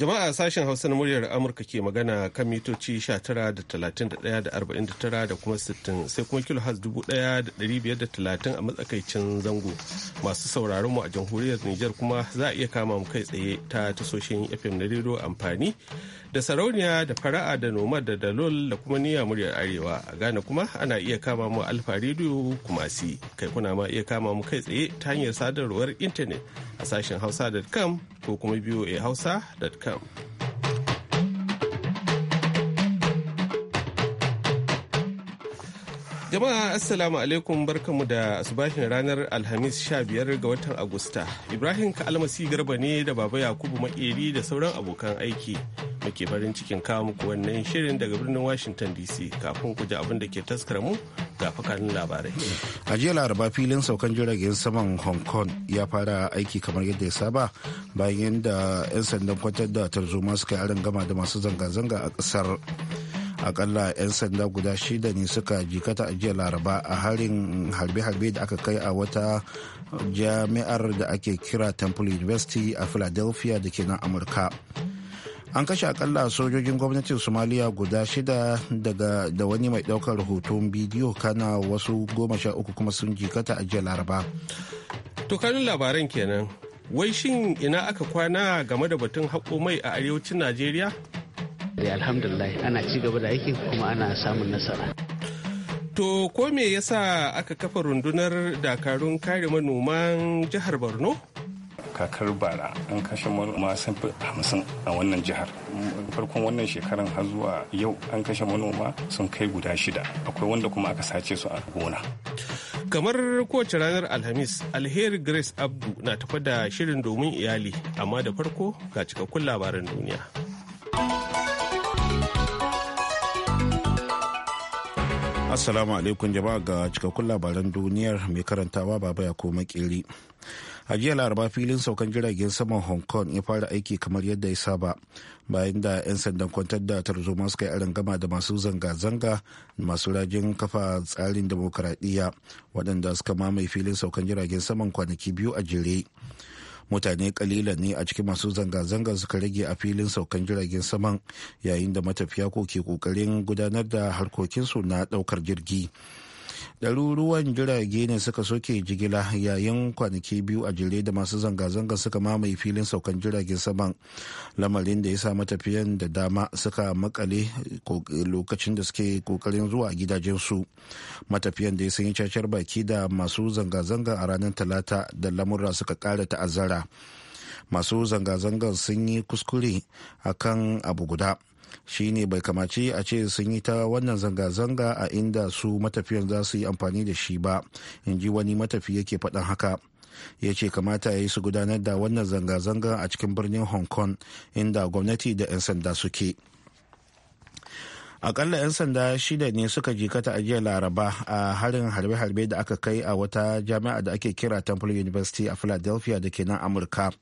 Jama'a sashen Hausa na muryar Amurka ke magana kan mitoci 19.31.49 da kuma 60 sai kuma kilohaz 1,530 a matsakaicin zango. Masu sauraron mu a jamhuriyar niger kuma za a iya kama mu kai tsaye ta tasoshin FM na rero amfani da sarauniya da fara'a da noma da dalol da kuma niyya muryar arewa a ghana kuma ana iya kama mu alfa rediyo kumasi kai kuna ma iya kama mu kai tsaye ta hanyar sadarwar intanet a sashen hausa.com ko kuma voa hausa.com Jama'a Assalamu alaikum barkamu da asubahin ranar Alhamis 15 ga watan Agusta. Ibrahim Kalmasi Garba ne da Baba Yakubu Makeri da sauran abokan aiki. Muke farin cikin kawo muku wannan shirin daga birnin Washington DC kafin ku ji abin da ke taskar mu ga fakanin labarai. A jiya laraba filin saukan jiragen saman Hong Kong ya fara aiki kamar yadda ya saba bayan yadda 'yan sandan kwantar da tarzoma suka yi gama da masu zanga-zanga a ƙasar. akalla 'yan sanda guda shida ne suka jikata a jiya laraba a harin harbe-harbe da aka kai a wata jami'ar da ake kira temple university a philadelphia da ke nan amurka an kashe akalla sojojin gwamnatin somaliya guda shida daga da wani mai daukar hoton bidiyo kana wasu goma sha uku kuma sun jikata a jiya laraba to labaran kenan wai shin ina aka kwana game da batun haƙo mai a arewacin najeriya Eh, alhamdulillah ana ci gaba da aikin kuma ana samun nasara to ko me yasa aka kafa rundunar dakarun kare manoman jihar borno kakar bara an kashe manoma sun fi hamsin a wannan jihar farkon wannan shekaran har zuwa yau an kashe manoma sun kai guda shida akwai wanda kuma aka sace su a gona kamar kowace ranar alhamis alheri grace abdu na tafa da shirin domin iyali amma da farko ga cikakkun labaran duniya Assalamu alaikum jama'a ga cikakkun labaran duniyar mai karantawa baba ya koma kiri. A jiya laraba filin saukan jiragen saman Hong Kong ya fara aiki kamar yadda ya saba bayan da 'yan sandan kwantar da tarzoma suka yi gama da masu zanga-zanga masu rajin kafa tsarin demokuraɗiyya waɗanda suka mamaye filin saukan jiragen saman kwanaki biyu a jere. mutane kalila ne a cikin masu zanga-zanga suka rage a filin saukan jiragen saman yayin da matafiya ko ke kokarin gudanar da harkokinsu na daukar jirgi. ɗaruruwan jirage ne suka soke jigila yayin kwanaki biyu a jere da masu zanga-zanga suka mamaye filin saukan jiragen saman lamarin da ya sa matafiyan da dama suka makale lokacin da suke kokarin zuwa gidajensu matafiyan da ya sanyi cacar baki da masu zanga-zanga a ranar talata da lamura suka ƙara ta'azzara masu zanga-zangar sun yi kuskure a kan abu guda shi ne bai kamaci a ce sun yi ta wannan zanga-zanga a inda su matafiyan za su yi amfani da shi ba in ji wani matafi yake faɗin haka ya ce kamata ya yi su gudanar da wannan zanga-zanga a cikin birnin hong kong inda gwamnati da 'yan sanda suke. akalla 'yan sanda shida ne suka jikata a jiya laraba a harin harbe-harbe da aka kai a wata jami'a da ake kira temple university a philadelphia da ke nan amurka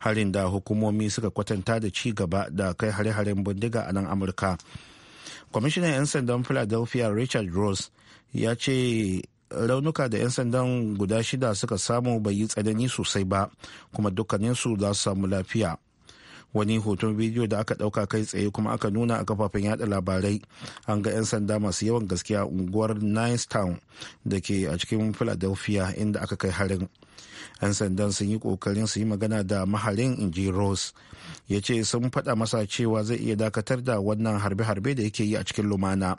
harin da hukumomi suka kwatanta da ci gaba da kai hare-haren bindiga a nan amurka kwamishinan 'yan sandan philadelphia richard rose ya ce raunuka da 'yan sandan guda shida suka samu bai yi tsanani sosai ba kuma dukkaninsu za su samu lafiya wani hoton bidiyo da aka dauka kai tsaye kuma aka nuna a kafafen yada labarai an ga 'yan sanda masu yawan gaskiya unguwar town da ke a cikin philadelphia inda aka kai harin 'yan sandan sun yi kokarin su yi magana da maharin inji rose ya ce sun faɗa masa cewa zai iya dakatar da wannan harbe-harbe da yake yi a cikin lumana.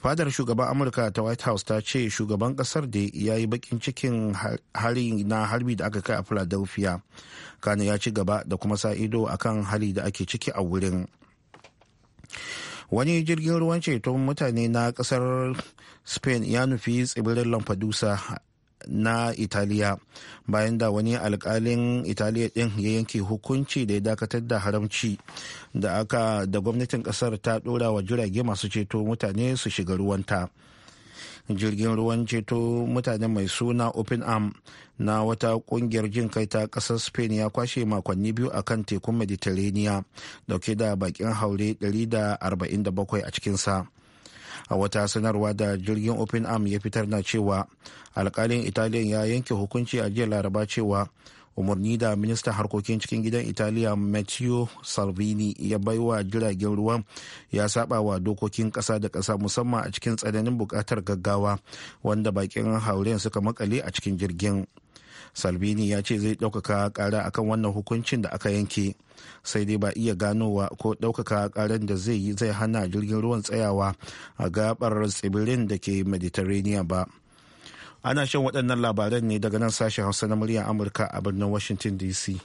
fadar shugaban amurka ta white house ta ce shugaban kasar da ya yi bakin cikin hari na harbi da aka kai a philadelphia kano ya ci gaba da kuma sa ido kan hali da ake ciki a wurin wani jirgin ruwan ceton mutane na kasar spain ya nufi tsibirin lamfadusa na italiya bayan da wani alkalin italiya din ya yanke hukunci da ya dakatar da haramci da aka da gwamnatin kasar ta dora wa jirage masu ceto mutane su shiga ruwanta jirgin ruwan ceto mutane mai suna open arm na wata kungiyar jin kai ta kasar spain ya kwashe makonni biyu a kan tekun mediterranean dauke da bakin haure 147 a cikinsa a wata sanarwa da jirgin open arm ya fitar na cewa alkalin italiyan ya yanke hukunci a jiya laraba cewa umarni da ministan harkokin cikin gidan italiya matteo salvini ya baiwa jiragen ruwa ya saba wa dokokin kasa da kasa musamman a cikin tsananin bukatar gaggawa wanda bakin hauren suka makale a cikin jirgin salvini ya ce zai ɗaukaka kara akan wannan hukuncin da aka yanke sai dai ba iya ganowa ko ɗaukaka karen da zai yi zai hana jirgin ruwan tsayawa a gabar tsibirin da ke mediterranean ba ana shan waɗannan labaran ne daga nan sashen hausa na murya amurka a birnin washington dc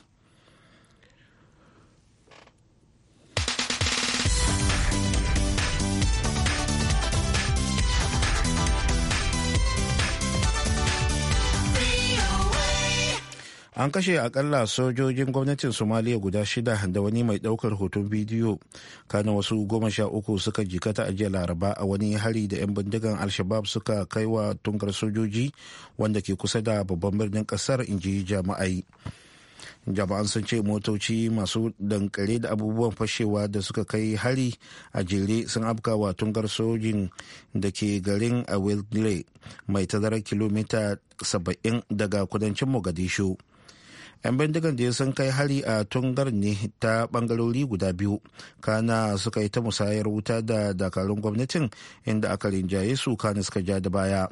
an kashe akalla sojojin gwamnatin somaliya guda shida da wani mai daukar hoton bidiyo kana wasu goma sha uku suka jikata a jiya laraba a wani hari da 'yan bindigan alshabab suka kai wa tungar sojoji wanda ke kusa da babban birnin kasar inji jama'ai jama'an sun ce motoci masu dankare da abubuwan fashewa da suka kai hari a jere sun afka wa tungar sojin da ke garin a mai tazarar kilomita 70 daga kudancin mogadishu 'yan bindigan da sun kai hari a tungar ne ta bangarori guda biyu kana suka yi ta musayar wuta da dakarun gwamnatin inda aka rinjaye su kana suka ja da baya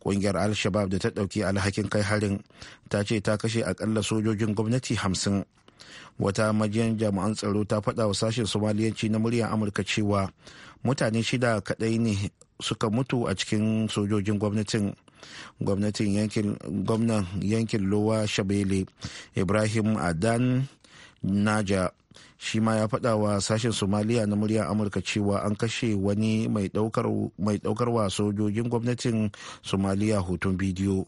kungiyar al-shabab da ta ɗauki alhakin kai harin ta ce ta kashe akalla sojojin gwamnati hamsin wata majiyar jami'an tsaro ta faɗa wa sashen somaliyanci na muryar amurka cewa mutane shida kaɗai ne suka mutu a cikin sojojin gwamnatin gwamnatin yankin gwamnan yankin lowa shabele ibrahim adan naja shi ma ya faɗa wa sashen somaliya na muryar amurka cewa an kashe wani mai ɗaukar wa sojojin gwamnatin somaliya hoton bidiyo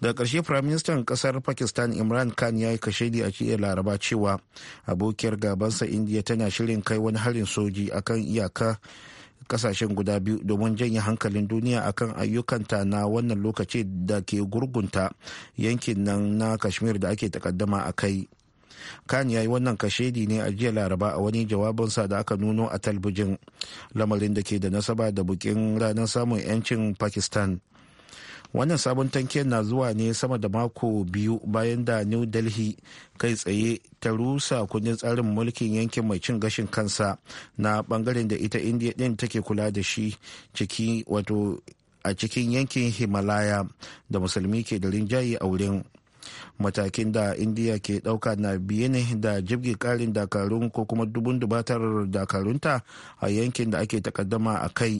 daga ƙarshe firaministan ƙasar pakistan imran khan ya yi kashedi a jiya laraba cewa abokiyar gabansa indiya tana shirin kai wani harin soji akan iyaka kasashen guda biyu domin janye hankalin duniya akan ayyukanta na wannan lokaci da ke gurgunta yankin nan na kashmir da ake takaddama a kai kan ya yi wannan kashedi ne a jiya laraba a wani jawabinsa da aka nuno a talbijin lamarin da ke da nasaba da bukin ranar samun 'yancin pakistan wannan sabon tanken na zuwa ne sama da mako biyu bayan da new delhi kai tsaye ta rusa kundin tsarin mulkin yankin mai cin gashin kansa na bangaren da ita india din take kula da shi ciki wato a cikin yankin himalaya da musulmi ke da rinjaye a wurin matakin da indiya ke dauka na biye ne da jibge karin dakarun ko kuma dubun dubatar dakarunta a yankin da ake takaddama a kai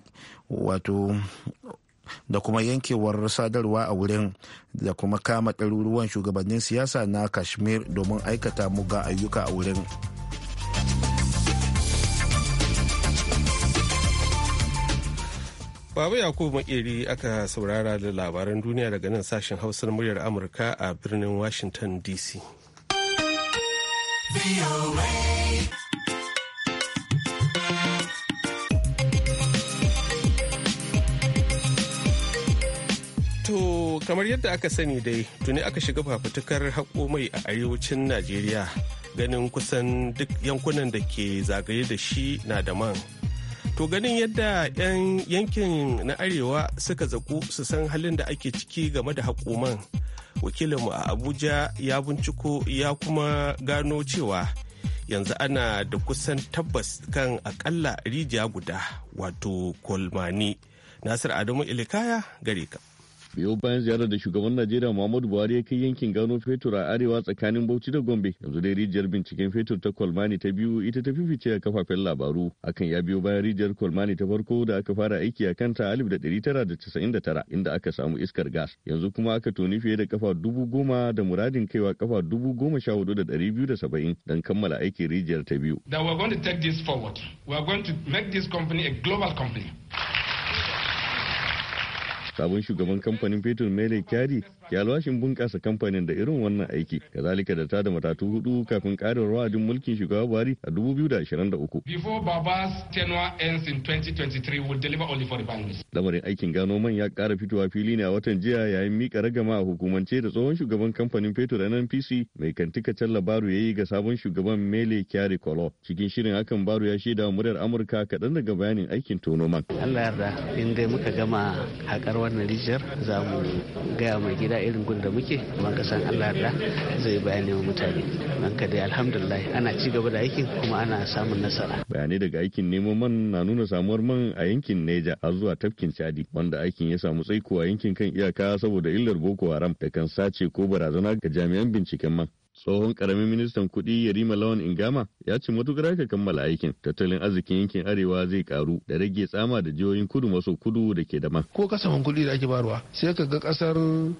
wato da kuma yankewar sadarwa a wurin da kuma kama ɗaruruwan shugabannin siyasa na kashmir domin aikata muga ayyuka a wurin Baba Yakubu Makeri aka saurara da labaran duniya daga nan sashen hausar muryar Amurka a birnin Washington DC. To kamar yadda aka sani dai tuni aka shiga fafutukar haƙo mai a arewacin Najeriya ganin kusan duk yankunan da ke zagaye da shi na da man. To ganin yadda 'yan yankin na arewa suka zaku su san halin da ake ciki game da haƙoman. Wakilinmu a Abuja ya binciko ya kuma gano cewa yanzu ana da kusan tabbas kan akalla rijiya guda wato kolmani. Nasir Adamu Ilikaya gare ka. biyo bayan ziyarar da shugaban najeriya muhammadu buhari ya kai yankin gano fetur a arewa tsakanin bauchi da gombe yanzu dai rijiyar binciken fetur ta kwalmani ta biyu ita ta fifice a kafafen labaru akan ya biyo bayan rijiyar kwalmani ta farko da aka fara aiki a kanta a tara inda aka samu iskar gas yanzu kuma aka toni fiye da kafa dubu goma da muradin kaiwa kafa dubu goma sha hudu da ɗari biyu da saba'in don kammala aikin rijiyar ta biyu. that we are going to take this forward we are going to make this company a global company sabon shugaban kamfanin fetur mele kyari ya alwashin bunƙasa kamfanin da irin wannan aiki kazalika da da matatu hudu kafin karin wa'adin mulkin shugaba buhari a 2023 before baba's tenure ends in 2023 will deliver only for the lamarin aikin gano man ya kara fitowa fili ne a watan jiya yayin mika ragama a hukumance da tsohon shugaban kamfanin fetur nnpc mai kantika talla baro ya yi ga sabon shugaban mele kyari kolo cikin shirin hakan baro ya shaida wa muryar amurka kaɗan daga bayanin aikin tono man allah yarda in dai muka gama haƙar wannan rijiyar za mu gaya mai gida irin gun da muke ban kasan Allah da zai bayani wa mutane an ka dai alhamdulillah ana ci gaba da aikin kuma ana samun nasara bayanai daga aikin neman man na nuna samuwar man a yankin Neja har zuwa tafkin Chadi wanda aikin ya samu tsaiko a yankin kan iyaka saboda illar Boko Haram da kan sace ko barazana ga jami'an binciken man tsohon karamin ministan kudi yarima lawan ingama ya ce matukar aka kammala aikin tattalin arzikin yankin arewa zai karu da rage tsama da jihohin kudu maso kudu da ke dama. ko kasafin kuɗi da ake barwa sai ka ga kasar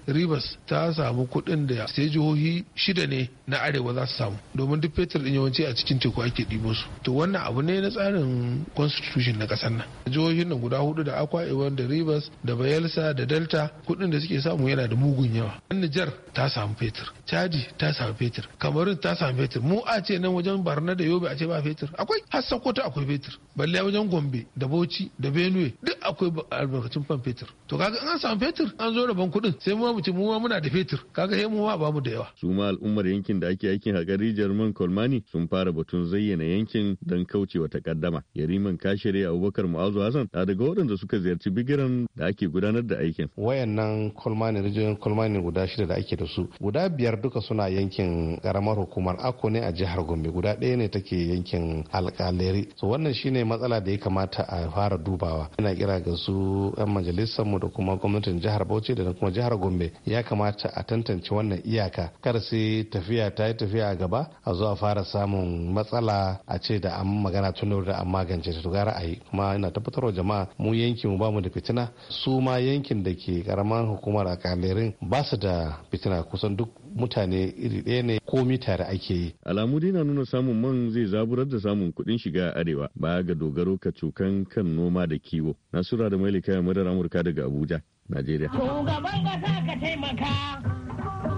rivers ta samu kuɗin da sai jihohi shida ne na arewa za su samu domin duk fetur din yawanci a cikin teku ake ɗibo su to wannan abu ne na tsarin constitution na kasar nan jihohin nan guda hudu da akwa iwan da rivers da bayelsa da delta kuɗin da suke samu yana da mugun yawa nijar ta samu fetur chadi ta samu fetur fetur kamarun ta samu fetur mu a ce nan wajen barna da yobe a ce ba fetur akwai har sokoto akwai fetur balle wajen gombe da bauchi da benue duk akwai albarkacin fan fetur to kaga an samu fetur an zo rabon kuɗin sai mu mu ce mu ma muna da fetur kaga sai mu ma ba mu da yawa su ma al'ummar yankin da ake aikin hakari jarman kolmani sun fara batun zayyana yankin don kaucewa takaddama yariman kashire abubakar mu'azu hassan da daga waɗanda suka ziyarci bigiran da ake gudanar da aikin wayannan kolmani rijiyoyin kolmani guda shida da ake da su guda biyar duka suna yankin karamar hukumar ako ne a jihar gombe guda ɗaya ne take yankin alkaleri so wannan shine matsala da ya kamata a fara dubawa ina kira ga su yan majalisar mu da kuma gwamnatin jihar bauchi da kuma jihar gombe ya kamata a tantance wannan iyaka kar sai tafiya ta yi tafiya a gaba a zo a fara samun matsala a ce da an magana tun da an magance ta gara a yi kuma ina tabbatarwa jama'a mu yankin mu bamu da fitina su ma yankin da ke karamar hukumar alkalerin ba su da fitina kusan duk mutane iri ɗaya ɗaya tare ake yi. Alamu dai na nuna samun man zai zaburar da samun kuɗin shiga a arewa baya ga dogaro ka cukan kan noma da kiwo. Nasura da Mailika ya murar Amurka daga Abuja, Najeriya. Shugaban ƙasa ka taimaka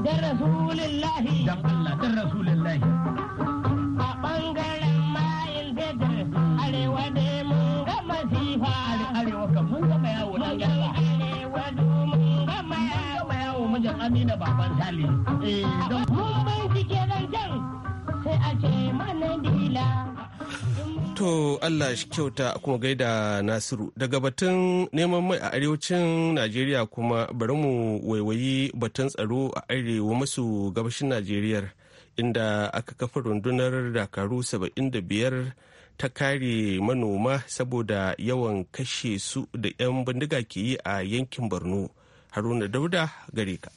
da Rasulillahi. Allah, Rasulillahi. A ɓangaren mayin fetur arewa ne mun ga masifa. Arewa kan mun amina baban eh, To Allah shi kyauta kuma gaida Nasiru daga batun neman mai a arewacin Najeriya kuma bari mu waiwayi batun tsaro a arewa masu gabashin Najeriya inda aka kafa rundunar dakaru 75 ta kare manoma saboda yawan kashe su da 'yan bindiga ke yi a yankin Borno. Haruna Dauda gare ka.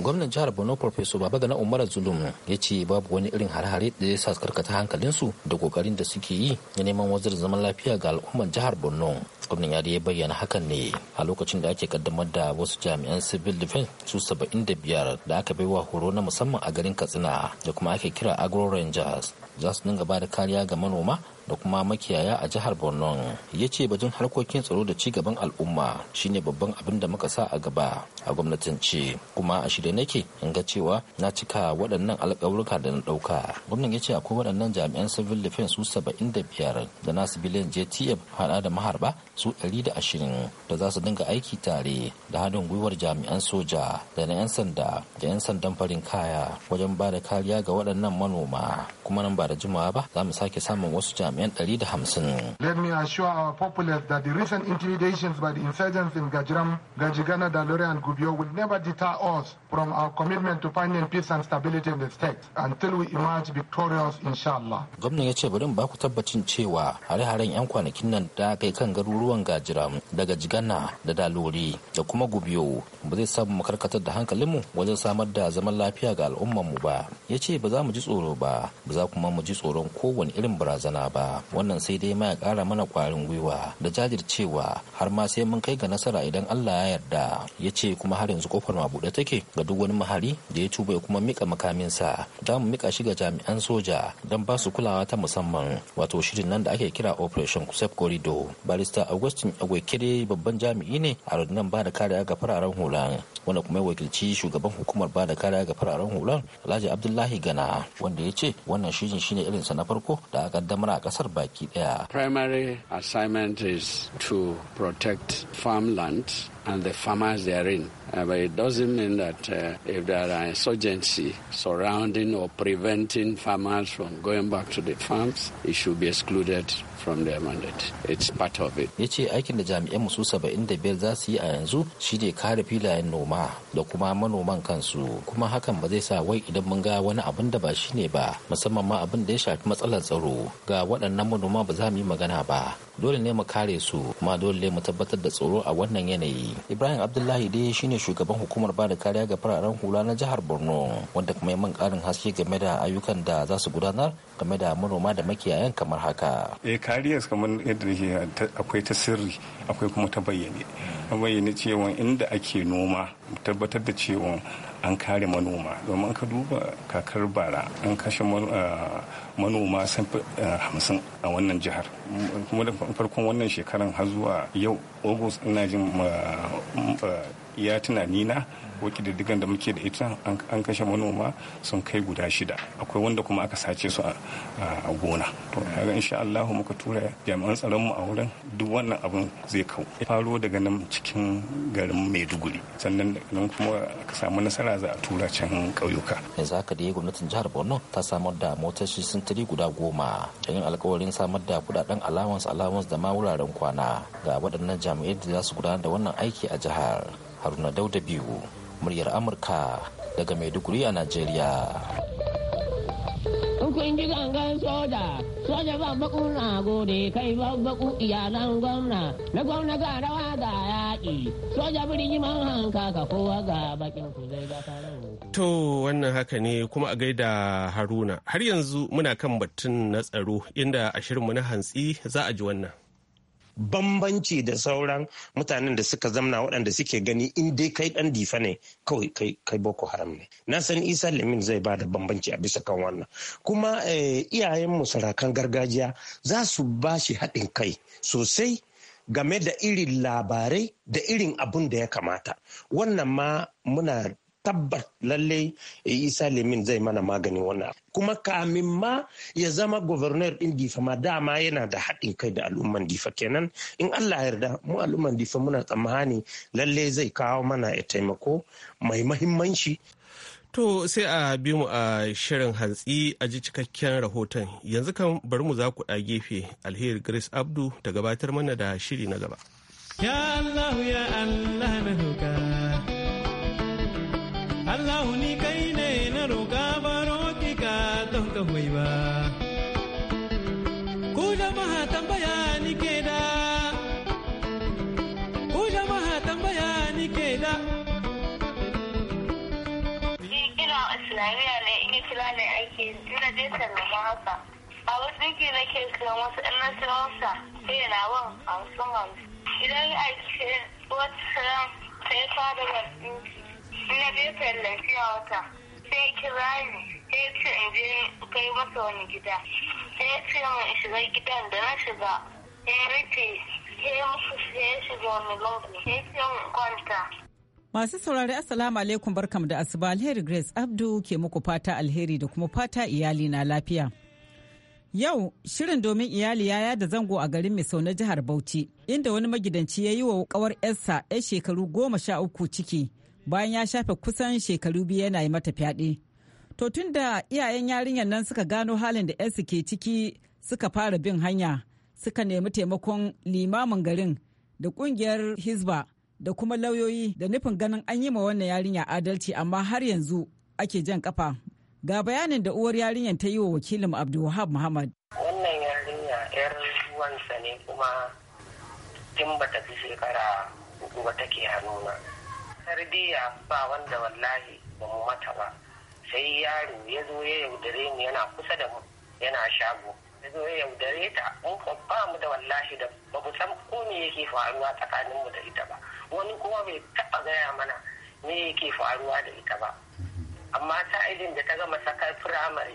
gwamnan jihar borno professor na umar zulum ya ce babu wani irin hare-hare da ya sa karkata hankalinsu da kokarin da suke yi na neman wazir zaman lafiya ga al'ummar jihar borno gwamnan ya ya bayyana hakan ne a lokacin da ake kaddamar da wasu jami'an civil defense su saba'in da biyar da aka baiwa horo na musamman a garin katsina da kuma ake kira agro rangers za su dinga ba da kariya ga manoma da kuma makiyaya a jihar borno ya ce bajin harkokin tsaro da ci gaban al'umma shine babban abin da muka sa a gaba a gwamnatin ce kuma a shirye nake in ga cewa na cika waɗannan alƙawurka da na ɗauka gwamnan ya ce akwai waɗannan jami'an civil defense su saba'in da biyar da nasu biliyan jtf hada da maharba su ɗari da ashirin da za su dinga aiki tare da haɗin gwiwar jami'an soja da na 'yan sanda da 'yan sandan farin kaya wajen ba da kariya ga waɗannan manoma kuma nan ba da jimawa ba za mu sake samun wasu jami'an jami'an 150. Let me assure our populace that the recent intimidations by the insurgents in gajiram Gajigana, Dalore and Gubiyo will never deter us from our commitment to finding peace and stability in the state until we emerge victorious inshallah. Gwamnan ya ce bari ba ku tabbacin cewa hare-haren 'yan kwanakin nan da kai kan garuruwan gajiram da gajigana da Dalore da kuma gubio ba zai samu mu karkatar da hankalinmu wajen samar da zaman lafiya ga al'ummarmu ba. Ya ce ba za mu ji tsoro ba, ba za kuma mu ji tsoron kowane irin barazana ba. ba wannan sai dai ma ya kara mana kwarin gwiwa da jajircewa har ma sai mun kai ga nasara idan Allah ya yarda ya ce kuma har yanzu kofar ma buɗe take ga duk wani mahari da ya tuba ya kuma mika sa za mu mika shi ga jami'an soja don ba su kulawa ta musamman wato shirin nan da ake kira operation safe corridor barista augustin agwekere babban jami'i ne a rundunar ba da kariya ga fararen hulan wanda kuma ya wakilci shugaban hukumar ba da kariya ga fararen hulan alhaji abdullahi gana wanda ya ce wannan shirin shine sa na farko da aka damar a baki Primary assignment is to protect farmland and the farmers therein. Uh, but it doesn't mean that uh, if there are insurgency surrounding or preventing farmers from going back to the farms, it should be excluded from their mandate. It's part of it. Ya ce aikin da jami'an su 75 za su yi a yanzu shi ne kare filayen noma da kuma manoman kansu kuma hakan ba zai sa wai idan mun ga wani abun da ba shi ne ba musamman ma abin da ya shafi matsalar tsaro ga waɗannan manoma ba za mu yi magana ba dole ne mu kare su kuma dole ne mu tabbatar da tsoro a wannan yanayi ibrahim abdullahi dai shine shugaban hukumar bada kariya ga fararen hula na jihar borno wanda kuma yi man karin haske game da ayyukan da za su gudanar game da manoma da makiyayan kamar haka eh kariyar kamar yadda nake akwai ta sirri akwai kuma ta bayyane ta bayyane cewa inda ake noma tabbatar da cewa an kare manoma domin ka duba kakar bara an kashe ah, manoma sun ah, hamsin a wannan jihar kuma da farkon wannan shekaran har zuwa yau august ina jin ah, ya tunanina. ko kididdigan da muke da ita an kashe manoma sun kai guda shida akwai wanda kuma aka sace su a gona to kaga insha Allah muka tura jami'an tsaron mu a wurin duk wannan abun zai kau faro daga nan cikin garin Maiduguri sannan nan kuma aka samu nasara za a tura can ƙauyuka yanzu haka da gwamnatin jihar Borno ta samar da motoci tari guda goma don yin alkawarin samar da kudaden allowance allowance da ma wuraren kwana ga waɗannan jami'ai da za su gudanar da wannan aiki a jihar haruna dauda biyu muryar amurka daga maiduguri a najeriya in kunji gangan soja soja ban baku na gode kai ban baku iyalan gwamna na gwamna ga rawa ga yaƙi soja birni man hanka ka kowa ga bakin ku zai ga To wannan haka ne kuma a gaida Haruna har yanzu muna kan batun na tsaro inda a shirinmu na hantsi za a ji wannan. bambanci da sauran mutanen da suka zamna waɗanda suke gani in dai kai ɗan difa ne kawai kai boko haram ne na san isa lamin zai ba da bambanci a bisa kan wannan kuma eh, iyayen sarakan gargajiya za su ba shi haɗin kai sosai game da irin labarai da irin abun da ya kamata wannan ma muna tabbat lalle eh, isa lemin zai mana maganin wannan kuma kamin ma ya zama gwamnar din difa ma dama yana da haɗin kai da al'umman difa kenan in allah yarda mu al'umman difa muna tsammani lalle zai kawo mana ya taimako mai mahimmanci To sai a bi mu a shirin hantsi a ji cikakken rahoton yanzu kan bari mu za ku a gefe alheri Grace Abdu ta gabatar mana da shiri na gaba. Ya Allah ya Allah na Allah ni kai ne na roƙa baro ki don ka hoyi ba. Ku jama'a tambaya ni ke da, ku jama'a tambaya ni ke da. Ni kira Islamiyya ne ina kira ne aiki, ina je sallama haka. A wasu ke na ke kiran wasu ɗan nasiransa, sai na wan hamsin hamsin. Idan aiki wata ran sai fara wani na je tallafiya wata sai kirani ni sai ce in je kai masa wani gida sai ce min in shiga gidan da na shiga ya rufe sai musu sai shiga wani lungu sai ce min kwanta. Masu saurari Assalamu alaikum barkam da asuba alheri Grace Abdu ke muku fata alheri da kuma fata iyali na lafiya. Yau shirin domin iyali ya yada zango a garin Misau na jihar Bauchi inda wani magidanci ya yi wa kawar 'yarsa 'yar shekaru goma sha uku ciki bayan ya shafe kusan shekaru biyu yana yi mata fyaɗe. To tun da iyayen yarinyar nan suka gano halin da 'yarsu ke ciki suka fara bin hanya suka nemi taimakon limamin garin da ƙungiyar Hizba da kuma lauyoyi da nufin ganin an yi ma wannan yarinya adalci amma har yanzu ake jan kafa. Ga bayanin da uwar yarinyar ta yi wa wakilin Abdulwahab Muhammad. Wannan yarinya 'yar ruwansa ne kuma tun bata fi shekara uku ba take hannuna. tarbiyya ba wanda wallahi ba mu mata ba sai yaro ya zo ya yaudare mu yana kusa da mu yana shago ya zo ya yaudare ta mun ba mu da wallahi da ba mu san ko me yake faruwa tsakanin mu da ita ba wani kuma bai taba gaya mana me yake faruwa da ita ba amma ta sa'idin da ta gama sakar firamare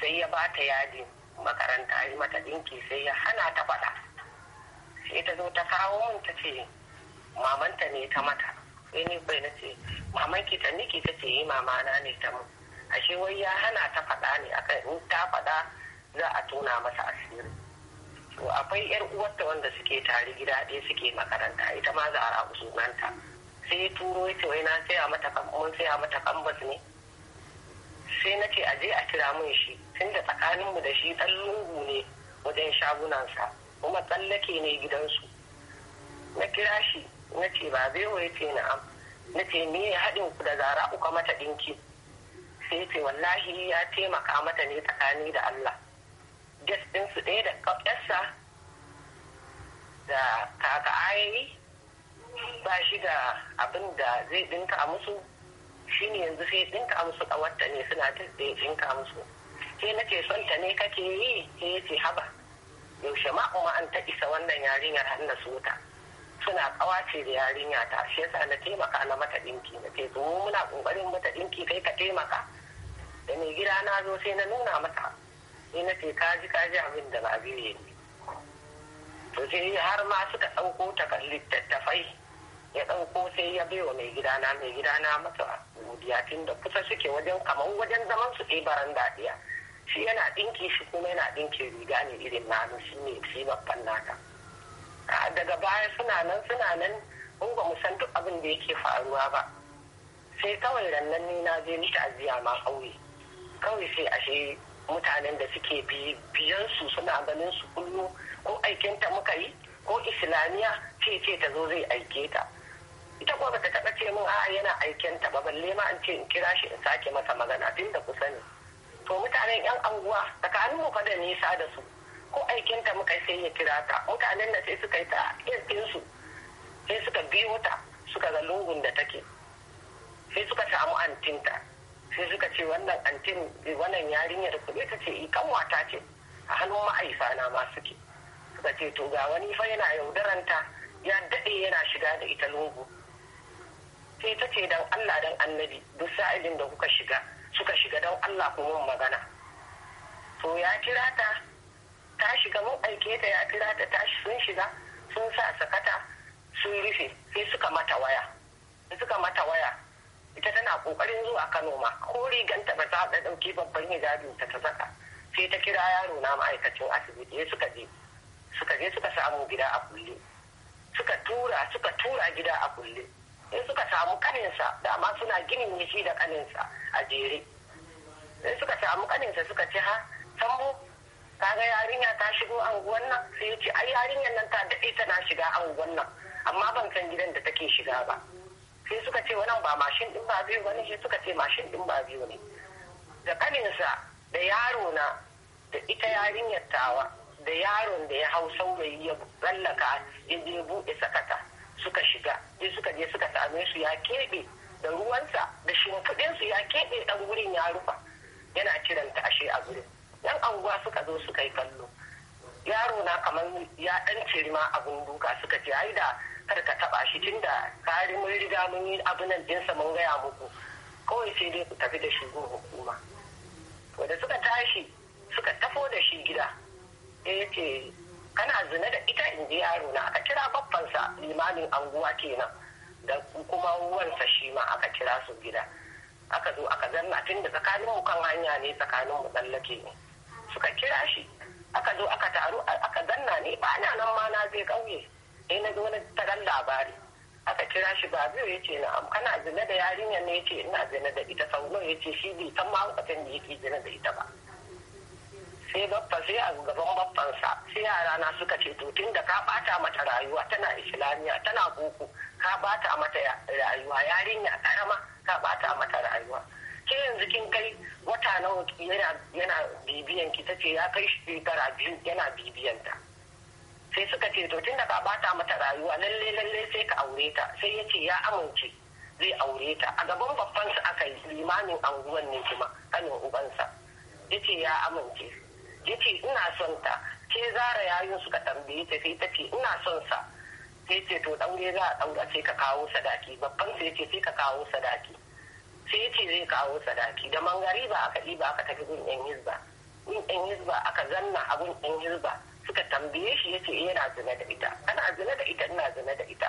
sai ya bata yadi makaranta yi mata dinki sai ya hana ta faɗa sai ta zo ta kawo mun ta ce mamanta ne ta mata sai ni bai na ce maman ki tanni ta ce yi eh, mama na ne ta mu ashe wai ya hana ta faɗa ne akan in ta faɗa za a tona masa asiri to akwai yar uwarta wanda suke tare gida ɗaya suke makaranta ita ma za a rabu sunanta sai ya turo ya ce wai na saya mata mun saya mata kambas ne sai na ce a je a kira mun shi tunda mu da shi ɗan lungu ne wajen shagunansa kuma tsallake ne gidansu na kira shi na ce ba zai waye ce na'am na ce ni haɗin ku da zara uka mata ɗinki sai ce wallahi ya taimaka mata ne tsakani da Allah gas ɗinsu ɗaya da ƙafƙarsa da kaka ayayi ba shi da abin da zai ɗinka musu shi ne yanzu sai ɗinka musu ƙawarta ne suna ta ɗinka musu sai na ce son ta ne kake yi sai ya ce haba yaushe ma an ta isa wannan yarinyar har na suna kawace da yarinya ta shi yasa na taimaka na mata dinki na ce to muna kokarin mata dinki kai ka taimaka da mai gida na zo sai na nuna mata sai na ce ka ji ka ji abin da na biye ni to sai har ma suka dauko ta littattafai ya dauko sai ya bai wa mai gidana mai gida na mata godiya tunda kusa suke wajen kamar wajen zaman su ɗai baran daɗiya shi yana ɗinki shi kuma yana ɗinkin riga ne irin na shi ne shi babban naka. daga baya suna nan suna nan in ba mu san duk abin da yake faruwa ba sai kawai rannan ne na je ni ajiya ma ƙauye kawai sai ashe mutanen da suke biyan su suna ganin su kullu ko aikin ta muka yi ko islamiya ce ce ta zo zai aike ta ita kuma bata taba ce min a'a yana aikin ta ba balle ma an ce in kira shi in sake masa magana tun da kusa ne to mutanen yan anguwa tsakanin mu fa da nisa da su ko aikin ta muka sai ya kira ta mutanen da sai suka yi ta su sai suka biyo ta suka ga lungun da take sai suka samu antinta sai suka ce wannan antin wannan yarinyar kuɗi ta ce ikan eh, wata ce a hannun ma'aifa na ma suke suka ce to ga wani fa yana yaudaranta ya daɗe yana shiga da ita lungu sai ta ce don allah dan annabi duk sa'ilin da kuka shiga suka shiga don allah kuma magana to ya kira ta ta shiga mun aike ta ya kira ta tashi sun shiga sun sa sakata sun rufe sai suka mata waya suka mata waya ita tana kokarin zuwa Kano ma ko riganta ba za ta dauki babban hijabi ta ta saka sai ta kira yaro na ma'aikacin asibiti ya suka je suka je suka samu gida a kulle suka tura suka tura gida a kulle in suka samu kaninsa dama suna ginin ne shi da kaninsa a jere in suka samu kaninsa suka ce ha sambo kaga yarinya ta shigo anguwan nan sai ya ce ai yarinyar nan ta daɗe tana shiga anguwan nan amma ban san gidan da take shiga ba sai suka ce wannan ba mashin din ba biyu wani sai suka ce mashin din ba biyu ne da kaninsa da yaro na da ita yarinyar tawa da yaron da ya hau saurayi ya tsallaka ya je buɗe sakata suka shiga sai suka je suka same su ya keɓe da ruwansa da shimfiɗinsu ya keɓe ɗan wurin ya rufa yana kiranta ashe a gurin yan anguwa suka zo suka yi kallo yaro na kamar ya dan ma abun duka suka ce ai da kar ka taba shi tunda kare mun riga mun yi nan, dinsa mun gaya muku kawai sai dai ku tafi da shi hukuma to da suka tashi suka tafo da shi gida ya ce, kana zina da ita in ji yaro na aka kira babbansa limamin anguwa kenan da kuma wansa shi ma aka kira su gida aka zo aka zanna tun da tsakanin mu kan hanya ne tsakanin mu tsallake ne suka kira shi aka zo aka taru aka danna ni ba ana nan ma na zai ƙauye sai na zo na taron labari aka kira shi ba biyu ya ce na'am kana zina da yarinyar ne ya ce ina zina da ita sau nawa ya ce shi bai san mahaukatan da yake zina da ita ba sai baffa sai a gaban baffansa sai yara na suka ce to tun da ka bata mata rayuwa tana islamiya tana boko ka bata mata rayuwa yarinya karama ka bata mata rayuwa ke yanzu kin kai wata nawa yana bibiyan ki tace ya kai shekara biyu yana bibiyan ta sai suka ce to da ka bata mata rayuwa lalle lalle sai ka aure ta sai ya ce ya amince zai aure ta a gaban babban su aka yi limamin anguwan ne kuma kanin ubansa ya ce ya amince ya ce ina son ta ke zara yayin suka tambaye ta sai ta ce ina son sa sai ce to daure za a daura sai ka kawo sadaki babban sai ce sai ka kawo sadaki sai ya ce zai kawo sadaki da mangari ba aka ɗiba aka tafi gun yan hizba gun yan hizba aka zanna a gun yan hizba suka tambaye shi ya ce eh, yana zina da ita ana zina da ita ina zina da ita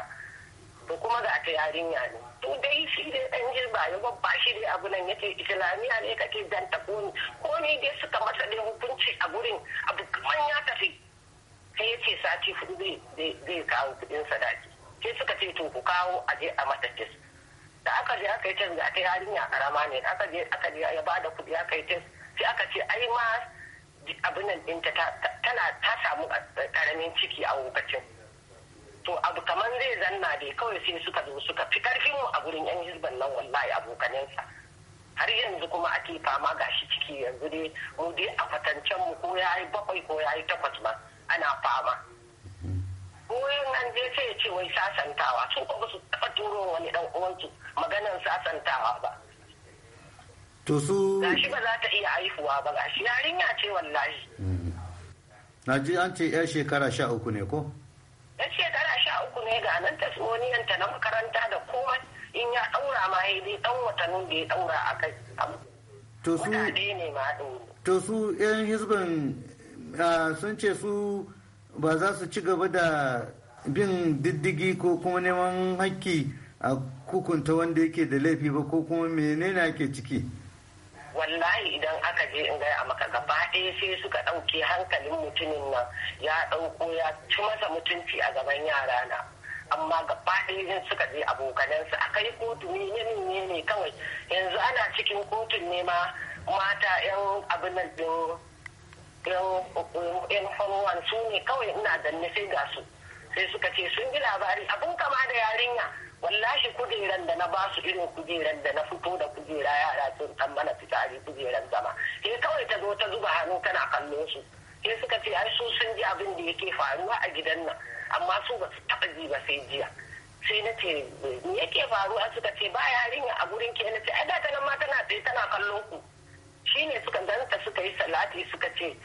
da kuma ga ta yarinya ne to dai shi da yan hizba ya babba shi dai abu nan ce islamiyya ne kake zanta ko ni ko ni dai suka masa dai hukunci a gurin abu kaman ya tafi sai ce sati hudu zai kawo kudin sadaki sai suka ce to ku kawo a je a mata test da aka je aka yi test ga ta yarinya karama ne aka je aka je ya bada kuɗi aka yi test sai aka ce ai ma abin nan ɗinta tana ta samu karamin ciki a lokacin to abu kamar zai zanna dai kawai sai suka zo suka fi karfin mu a gurin yan hizban nan wallahi abokanensa har yanzu kuma ake fama ga shi ciki yanzu dai mu dai a kwatancen mu ko yayi bakwai ko yayi takwas ma ana fama koyon an je sai ya ce wai sasantawa sun kuma su taɓa turo wani ɗan uwansu maganan sasantawa ba to su gashi ba za ta iya haihuwa ba gashi yarinya ce wallahi na ji an ce yar shekara sha uku ne ko yar shekara sha uku ne ga nan ta tsohoniyanta na makaranta da komai in ya daura ma ya dai dan watannin da ya daura a kai to su ne ma to su yan hizbin sun ce su ba za su ci gaba da bin diddigi ko kuma neman hakki a kukunta wanda yake da laifi ba ko kuma menene ake ciki wallahi idan aka je in gaya maka gaba ɗaya sai suka ɗauke hankalin mutumin nan ya ɗauko ya ci masa mutunci a gaban yara na amma gaba ɗaya suka je abokanansa a kai kotu ne ne ne kawai yanzu ana cikin kotun ne ma mata yan abin nan yan faruwan su ne kawai ina danne sai ga su sai suka ce sun ji labari abin kama da yarinya Wallashi kujeran da na basu irin kujeran da na fito da kujera yara sun san mana fitari kujeran zama ke kawai ta zo ta zuba hannu tana kallo su ke suka ce ai su sun ji abin da yake faruwa a gidan nan amma su ba su taɓa ji ba sai jiya sai na ce me yake faruwa suka ce ba yarinya a gurin ke na ce ai da ta nan ma tana tsaye tana kallon ku shine suka danta suka yi salati suka ce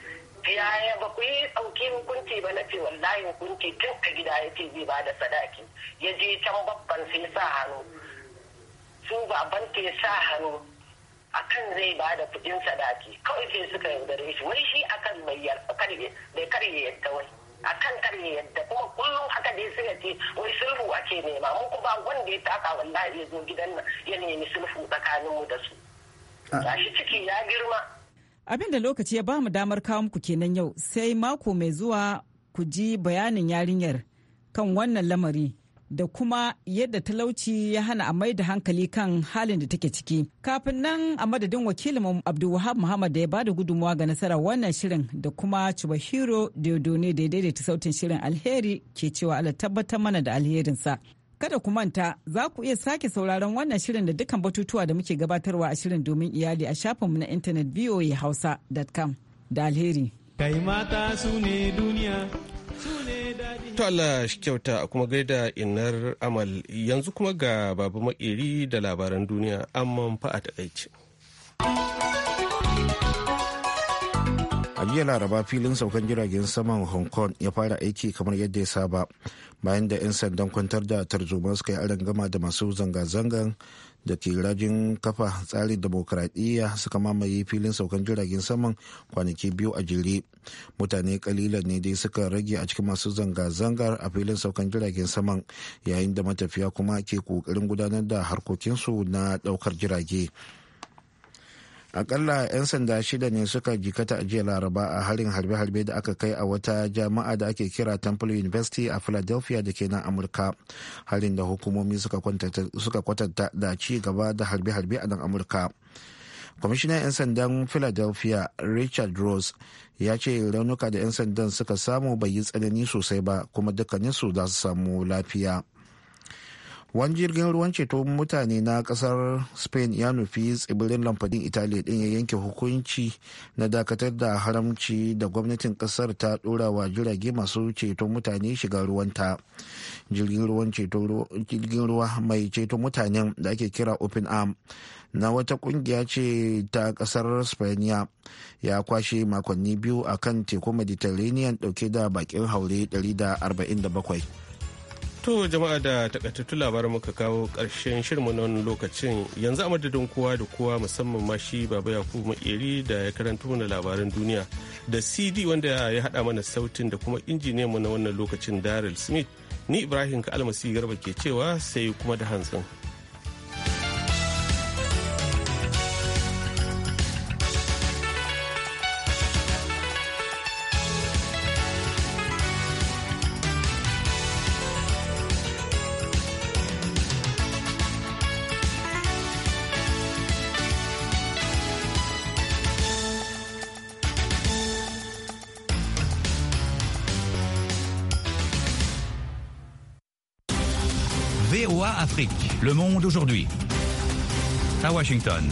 yaya ba ku yi ɗauki hukunci ba na ce wallahi hukunci tun a gida ya ce zai ba da sadaki ya je can babban sai sa hannu su baban ke sa hannu akan zai ba da kuɗin sadaki kawai sai suka yaudare shi wai shi akan bai karye yadda wai akan karye yadda kuma kullum haka dai suka ce wai sulhu ake nema mu kuma wanda ya taka wallahi ya zo gidan nan ya nemi sulhu tsakanin mu da su ah. gashi ciki ya girma Abin da lokaci ya ba mu damar kawo muku kenan yau sai mako mai zuwa ku ji bayanin yarinyar kan wannan lamari da kuma yadda talauci ya hana a mai da hankali kan halin da take ciki. Kafin nan a madadin wakilin Abdulwahab Muhammad da ya ba da gudunmawa ga nasarar wannan shirin da kuma Chubahiro Diodone da ya daidaita sautin shirin alheri ke cewa ala tabbatar mana da alherinsa. Kada ku manta za ku iya sake sauraron wannan shirin da dukkan batutuwa da muke gabatarwa a shirin domin iyali a shafinmu na intanet voahausa.com da alheri. Kai mata su ne duniya. To Allah shi kyauta kuma gaida inar amal yanzu kuma ga babu makeri da labaran duniya amma fa a takaice. a jiya laraba filin saukan jiragen saman hong kong ya fara aiki kamar yadda ya saba bayan da 'yan sandan kwantar da tarzoma suka yi gama da masu zanga-zangan da ke rajin kafa tsarin demokradiyya suka mamaye filin saukan jiragen saman kwanaki biyu a jere mutane kalilan ne dai suka rage a cikin masu zanga-zangar a filin saukan jiragen saman yayin da matafiya kuma ke kokarin gudanar da harkokinsu na daukar jirage. akalla 'yan sanda shida ne suka jikata a jiya laraba a harin harbe-harbe da aka kai a wata jama'a da ake kira temple university a philadelphia da ke nan amurka harin da hukumomi suka kwatanta da ci gaba da harbe-harbe a nan amurka kwamishinan 'yan sandan philadelphia richard rose ya ce raunuka da 'yan sandan suka samu bai yi tsanani sosai ba kuma dukkaninsu za su samu lafiya. wani jirgin ruwan ceto mutane na kasar spain ya nufi tsibirin lamfadin italiya din ya yanke hukunci na dakatar da haramci da gwamnatin kasar ta dora wa jirage masu ceto mutane shiga ruwanta jirgin ruwa mai ceto mutanen da ake kira open arm na wata kungiya ce ta kasar spaniya ya kwashe makonni biyu a kan teku mediterranean dauke da bakin haure 147 To jama'a da takaitattu labaran muka kawo ƙarshen shirin na wannan lokacin yanzu a madadin kowa da kowa musamman ma shi Baba Yakubu Makeri da ya karanta mana labaran duniya da CD wanda ya haɗa mana sautin da kuma injiniyan mu na wannan lokacin Daryl Smith ni Ibrahim ka almasi Garba ke cewa sai kuma da hantsin. Le Monde aujourd'hui. À Washington.